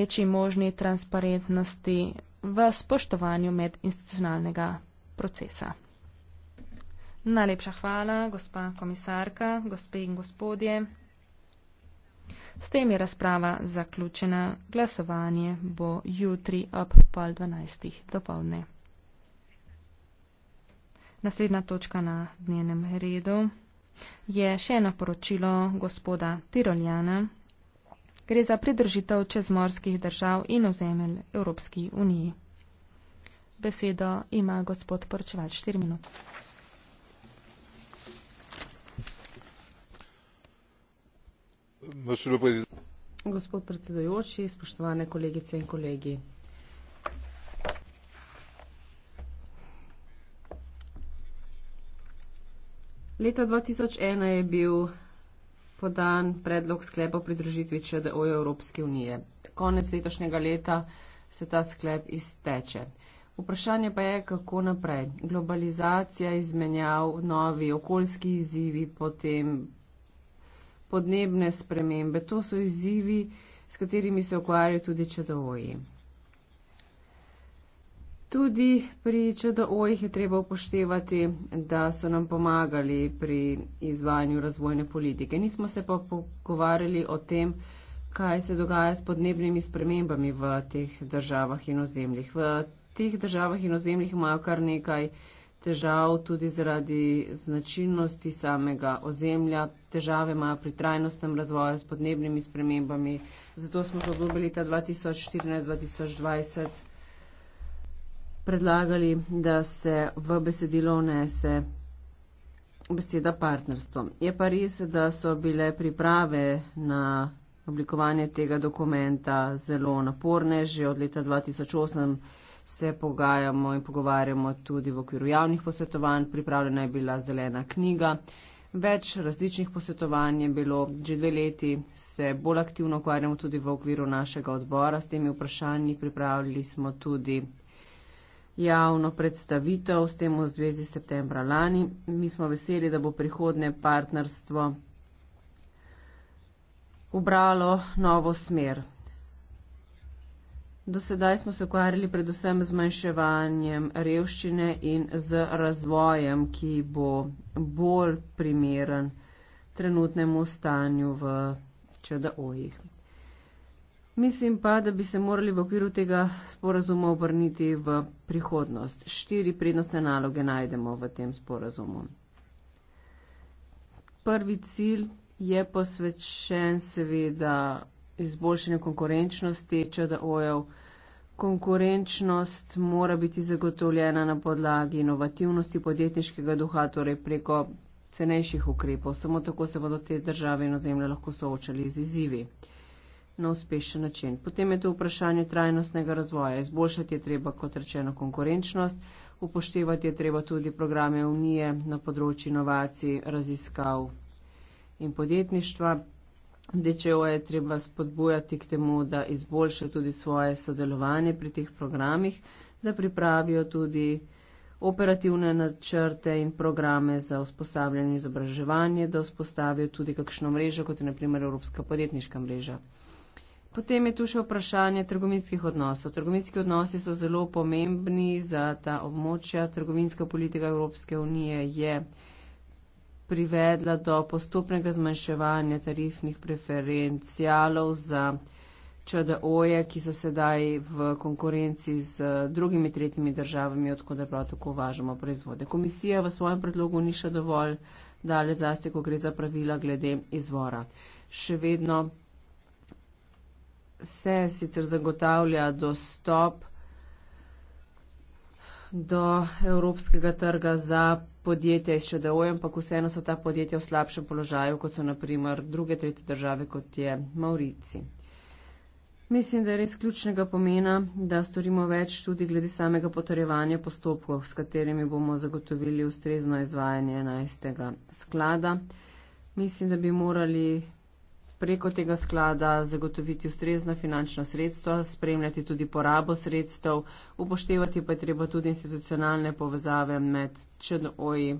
večji možni transparentnosti v spoštovanju medinstitucionalnega procesa. Najlepša hvala, gospa komisarka, gospe in gospodje. S tem je razprava zaključena. Glasovanje bo jutri ob pol dvanajstih dopolne. Naslednja točka na dnevnem redu je še eno poročilo gospoda Tiroljana gre za pridržitev čezmorskih držav in ozemelj Evropski uniji. Besedo ima gospod Porčevač, 4 minute. Gospod predsedujoči, spoštovane kolegice in kolegi. Leta 2001 je bil podan predlog sklepa o pridružitvi ČDO Evropske unije. Konec letošnjega leta se ta sklep izteče. Vprašanje pa je, kako naprej. Globalizacija izmenjav, novi okoljski izzivi, potem podnebne spremembe. To so izzivi, s katerimi se ukvarjajo tudi ČDO-ji. Tudi pri ČDO-jih je treba upoštevati, da so nam pomagali pri izvajanju razvojne politike. Nismo se pa pogovarjali o tem, kaj se dogaja s podnebnimi spremembami v teh državah in ozemljih. V teh državah in ozemljih imajo kar nekaj težav tudi zaradi značilnosti samega ozemlja. Težave imajo pri trajnostnem razvoju s podnebnimi spremembami. Zato smo se odobili ta 2014-2020 predlagali, da se v besedilo vnese beseda partnerstvo. Je pa res, da so bile priprave na oblikovanje tega dokumenta zelo naporne. Že od leta 2008 se pogajamo in pogovarjamo tudi v okviru javnih posvetovanj. Pripravljena je bila zelena knjiga. Več različnih posvetovanj je bilo, že dve leti se bolj aktivno ukvarjamo tudi v okviru našega odbora s temi vprašanji. Pripravili smo tudi javno predstavitev s tem v zvezi s septembra lani. Mi smo veseli, da bo prihodnje partnerstvo ubralo novo smer. Do sedaj smo se ukvarjali predvsem z manjševanjem revščine in z razvojem, ki bo bolj primeren trenutnemu stanju v ČDO-jih. Mislim pa, da bi se morali v okviru tega sporazuma obrniti v prihodnost. Štiri prednostne naloge najdemo v tem sporazumu. Prvi cilj je posvečen seveda izboljšanju konkurenčnosti ČDO-jev. Konkurenčnost mora biti zagotovljena na podlagi inovativnosti podjetniškega duha, torej preko cenejših ukrepov. Samo tako se bodo te države in ozemlje lahko soočali z izzivi na uspešen način. Potem je to vprašanje trajnostnega razvoja. Izboljšati je treba, kot rečeno, konkurenčnost, upoštevati je treba tudi programe Unije na področju inovacij, raziskav in podjetništva. DČO je treba spodbujati k temu, da izboljša tudi svoje sodelovanje pri teh programih, da pripravijo tudi operativne načrte in programe za usposabljanje in izobraževanje, da vzpostavijo tudi kakšno mrežo, kot je naprimer Evropska podjetniška mreža. Potem je tu še vprašanje trgovinskih odnosov. Trgovinski odnosi so zelo pomembni za ta območja. Trgovinska politika Evropske unije je privedla do postopnega zmanjševanja tarifnih preferencijalov za ČDO-je, ki so sedaj v konkurenci z drugimi tretjimi državami, odkud prav tako uvažamo proizvode. Komisija v svojem predlogu ni še dovolj daleč zaste, ko gre za pravila glede izvora. Še vedno se sicer zagotavlja dostop do evropskega trga za podjetja iz ČDO, ampak vseeno so ta podjetja v slabšem položaju, kot so naprimer druge tretje države, kot je Maurici. Mislim, da je res ključnega pomena, da storimo več tudi glede samega potrjevanja postopkov, s katerimi bomo zagotovili ustrezno izvajanje 11. sklada. Mislim, da bi morali preko tega sklada zagotoviti ustrezna finančna sredstva, spremljati tudi porabo sredstev, upoštevati pa je treba tudi institucionalne povezave med ČNO-ji e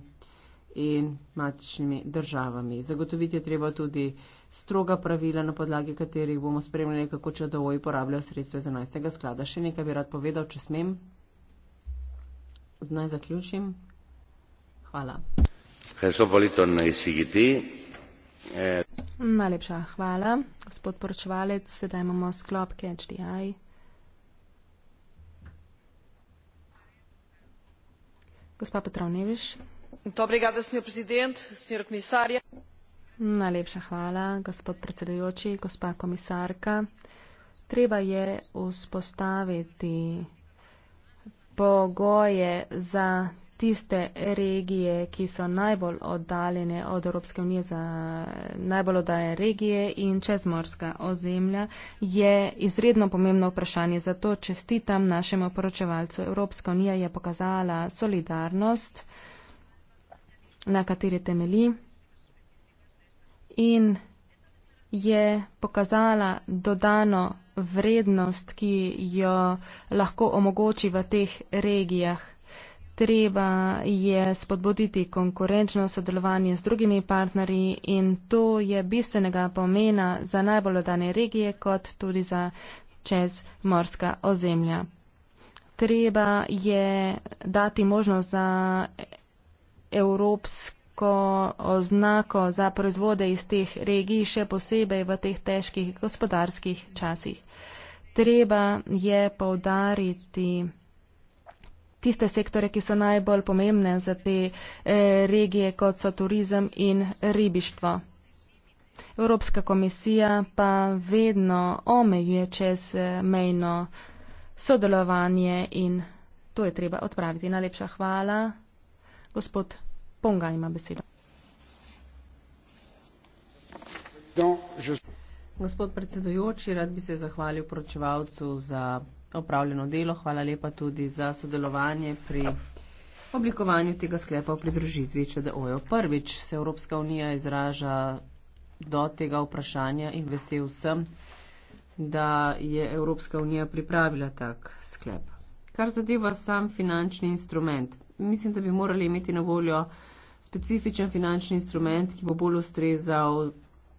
in matičnimi državami. Zagotoviti je treba tudi stroga pravila, na podlagi katerih bomo spremljali, kako ČNO-ji e porabljajo sredstva iz 11. sklada. Še nekaj bi rad povedal, če smem. Zdaj zaključim. Hvala. Hvala. Hvala. Najlepša hvala, gospod poročevalec. Sedaj imamo sklop CatchDI. Gospa Petrovneviš. Dobrega, da snijo prezident, snijo komisarja. Najlepša hvala, gospod predsedujoči, gospa komisarka. Treba je vzpostaviti pogoje za tiste regije, ki so najbolj oddaljene od Evropske unije za najbolj oddaljene regije in čezmorska ozemlja, je izredno pomembno vprašanje. Zato čestitam našemu poročevalcu. Evropska unija je pokazala solidarnost, na kateri temeli in je pokazala dodano vrednost, ki jo lahko omogoči v teh regijah Treba je spodbuditi konkurenčno sodelovanje z drugimi partnerji in to je bistvenega pomena za najbolj odane regije kot tudi za čezmorska ozemlja. Treba je dati možnost za evropsko oznako za proizvode iz teh regij, še posebej v teh težkih gospodarskih časih. Treba je poudariti, tiste sektore, ki so najbolj pomembne za te eh, regije, kot so turizem in ribištvo. Evropska komisija pa vedno omejuje čez eh, mejno sodelovanje in to je treba odpraviti. Najlepša hvala. Gospod Ponga ima besedo. Gospod predsedujoči, rad bi se zahvalil poročevalcu za opravljeno delo. Hvala lepa tudi za sodelovanje pri oblikovanju tega sklepa o pridružitvi ČDO-ju. Prvič se Evropska unija izraža do tega vprašanja in vesel sem, da je Evropska unija pripravila tak sklep. Kar zadeva sam finančni instrument, mislim, da bi morali imeti na voljo specifičen finančni instrument, ki bo bolj ustrezal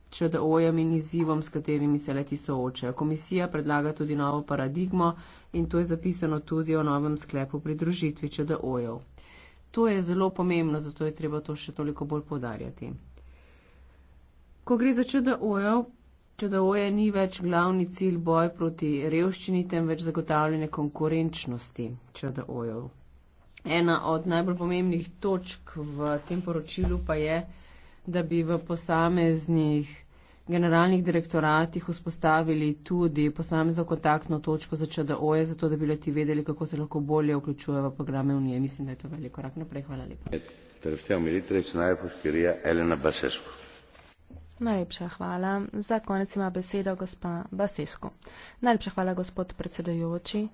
ČDO-jem in izzivom, s katerimi se leti soočajo. Komisija predlaga tudi novo paradigmo in to je zapisano tudi o novem sklepu pridružitvi ČDO-jev. To je zelo pomembno, zato je treba to še toliko bolj podarjati. Ko gre za ČDO-je, ČDO-je ni več glavni cilj boj proti revščini, temveč zagotavljanje konkurenčnosti ČDO-jev. Ena od najbolj pomembnih točk v tem poročilu pa je, da bi v posameznih generalnih direktoratih vzpostavili tudi posamezno kontaktno točko za ČDO-je, zato da bi leti vedeli, kako se lahko bolje vključuje v programe Unije. Mislim, da je to velik korak naprej. Hvala lepa. Eh, Najlepša hvala. Za konec ima besedo gospa Basesko. Najlepša hvala, gospod predsedajoči.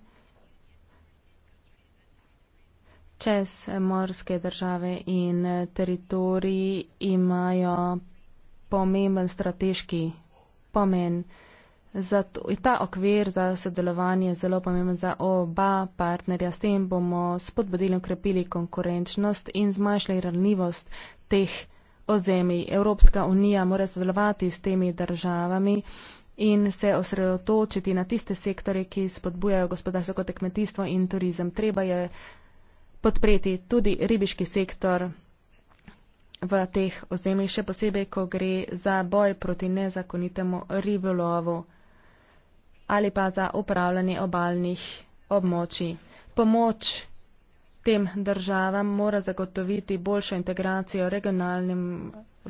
čez morske države in teritoriji imajo pomemben strateški pomen. Zato je ta okvir za sodelovanje zelo pomemben za oba partnerja. S tem bomo spodbudili in ukrepili konkurenčnost in zmanjšali ranljivost teh ozemij. Evropska unija mora sodelovati s temi državami in se osredotočiti na tiste sektore, ki spodbujajo gospodarstvo kot kmetijstvo in turizem. Treba je podpreti tudi ribiški sektor v teh ozemljih, še posebej, ko gre za boj proti nezakonitemu ribolovu ali pa za upravljanje obalnih območij. Pomoč tem državam mora zagotoviti boljšo integracijo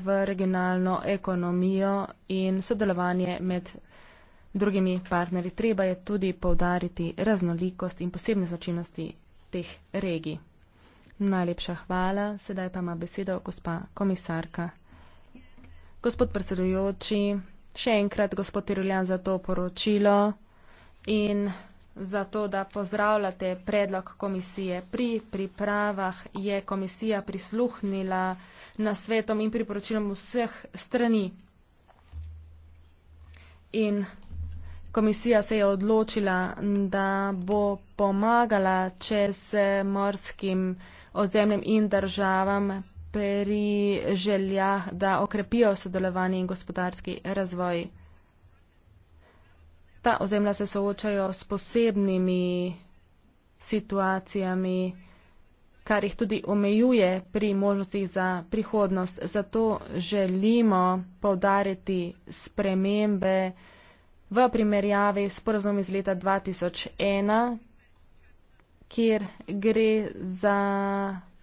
v regionalno ekonomijo in sodelovanje med drugimi partnerji. Treba je tudi povdariti raznolikost in posebne značilnosti teh regij. Najlepša hvala, sedaj pa ima besedo gospa komisarka. Gospod predsedujoči, še enkrat gospod Tiruljan za to poročilo in za to, da pozdravljate predlog komisije. Pri pripravah je komisija prisluhnila na svetom in priporočilom vseh strani. In Komisija se je odločila, da bo pomagala čez morskim ozemljem in državam pri željah, da okrepijo sodelovanje in gospodarski razvoj. Ta ozemlja se soočajo s posebnimi situacijami, kar jih tudi omejuje pri možnostih za prihodnost. Zato želimo povdariti spremembe, v primerjavi s sporozumom iz leta 2001, kjer gre za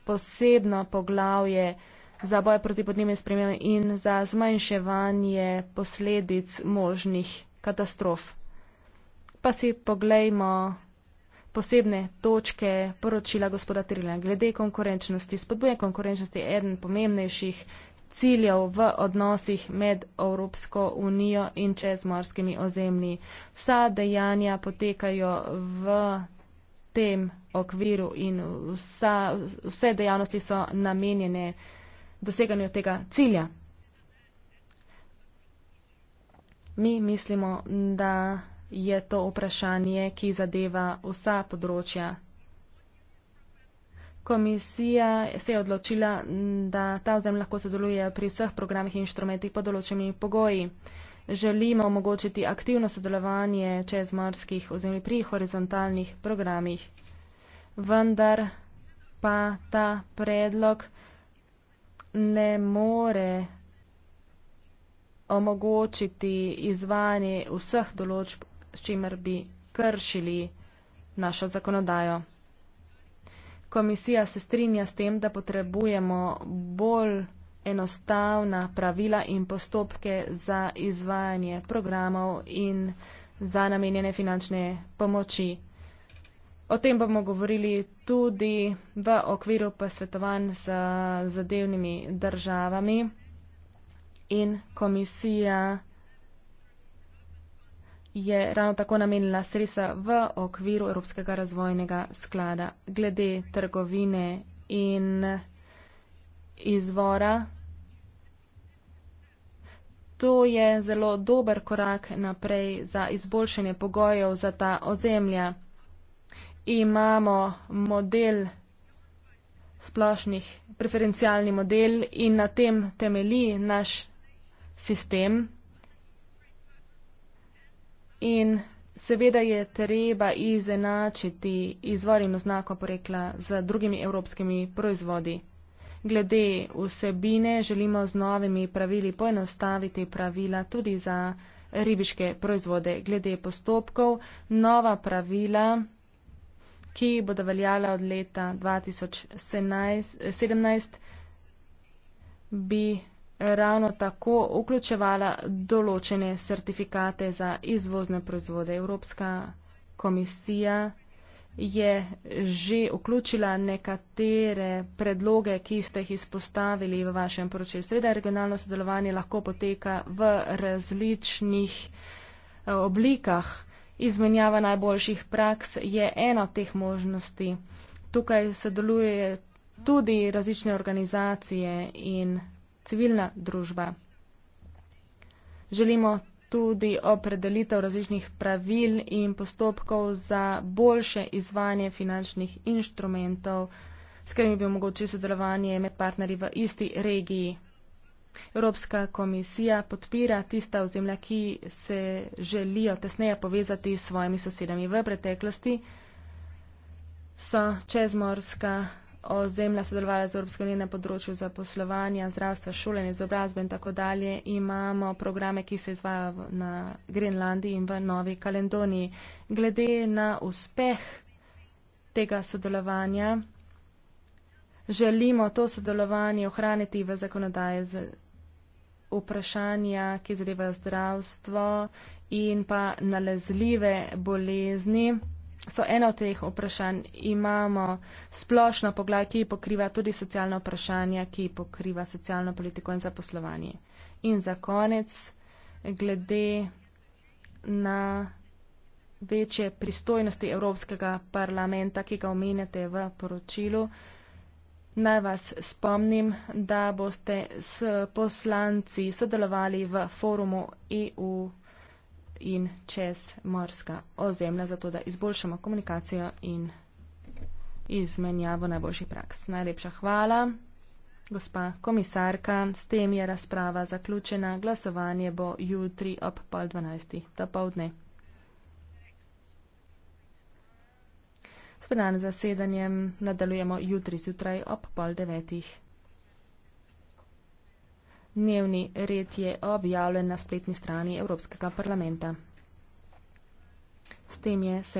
posebno poglavje za boj proti podnebnim spremembam in za zmanjševanje posledic možnih katastrof. Pa si poglejmo posebne točke poročila gospoda Trilja. Glede konkurenčnosti, spodbuja konkurenčnosti eden pomembnejših ciljev v odnosih med Evropsko unijo in čezmorskimi ozemlji. Vsa dejanja potekajo v tem okviru in vsa, vse dejavnosti so namenjene doseganju tega cilja. Mi mislimo, da je to vprašanje, ki zadeva vsa področja komisija se je odločila, da ta ozem lahko sodeluje pri vseh programih in inštrumentih pod določenimi pogoji. Želimo omogočiti aktivno sodelovanje čezmorskih ozemlji pri horizontalnih programih. Vendar pa ta predlog ne more omogočiti izvajanje vseh določb, s čimer bi kršili našo zakonodajo komisija se strinja s tem, da potrebujemo bolj enostavna pravila in postopke za izvajanje programov in za namenjene finančne pomoči. O tem bomo govorili tudi v okviru posvetovanj z zadevnimi državami in komisija je ravno tako namenila sredstva v okviru Evropskega razvojnega sklada. Glede trgovine in izvora, to je zelo dober korak naprej za izboljšanje pogojev za ta ozemlja. Imamo model splošnih, preferencialni model in na tem temelji naš sistem. In seveda je treba izenačiti izvor in oznako porekla z drugimi evropskimi proizvodi. Glede vsebine želimo z novimi pravili poenostaviti pravila tudi za ribiške proizvode. Glede postopkov, nova pravila, ki bodo veljala od leta 2017, bi ravno tako vključevala določene certifikate za izvozne proizvode. Evropska komisija je že vključila nekatere predloge, ki ste jih izpostavili v vašem poročilu. Seveda regionalno sodelovanje lahko poteka v različnih eh, oblikah. Izmenjava najboljših praks je ena od teh možnosti. Tukaj sodeluje tudi različne organizacije in civilna družba. Želimo tudi opredelitev različnih pravil in postopkov za boljše izvanje finančnih inštrumentov, s katerimi bi omogočili sodelovanje med partnerji v isti regiji. Evropska komisija podpira tista ozemlja, ki se želijo tesneje povezati s svojimi sosedami v preteklosti, so čezmorska ozemlja sodelovala z Evropsko unijo na področju zaposlovanja, zdravstva, šolanja, izobrazbe in tako dalje. Imamo programe, ki se izvajo na Grenlandiji in v Novi Kalendoniji. Glede na uspeh tega sodelovanja, želimo to sodelovanje ohraniti v zakonodaje z vprašanja, ki zadevajo zdravstvo in pa nalezljive bolezni so eno od teh vprašanj. Imamo splošno poglavje, ki pokriva tudi socialno vprašanje, ki pokriva socialno politiko in zaposlovanje. In za konec, glede na večje pristojnosti Evropskega parlamenta, ki ga omenjate v poročilu. Naj vas spomnim, da boste s poslanci sodelovali v forumu EU in čez morska ozemlja, zato da izboljšamo komunikacijo in izmenjavo najboljših praks. Najlepša hvala, gospa komisarka. S tem je razprava zaključena. Glasovanje bo jutri ob pol dvanajstih do povdne. S predanem zasedanjem nadaljujemo jutri zjutraj ob pol devetih. Dnevni red je objavljen na spletni strani Evropskega parlamenta. S tem je se.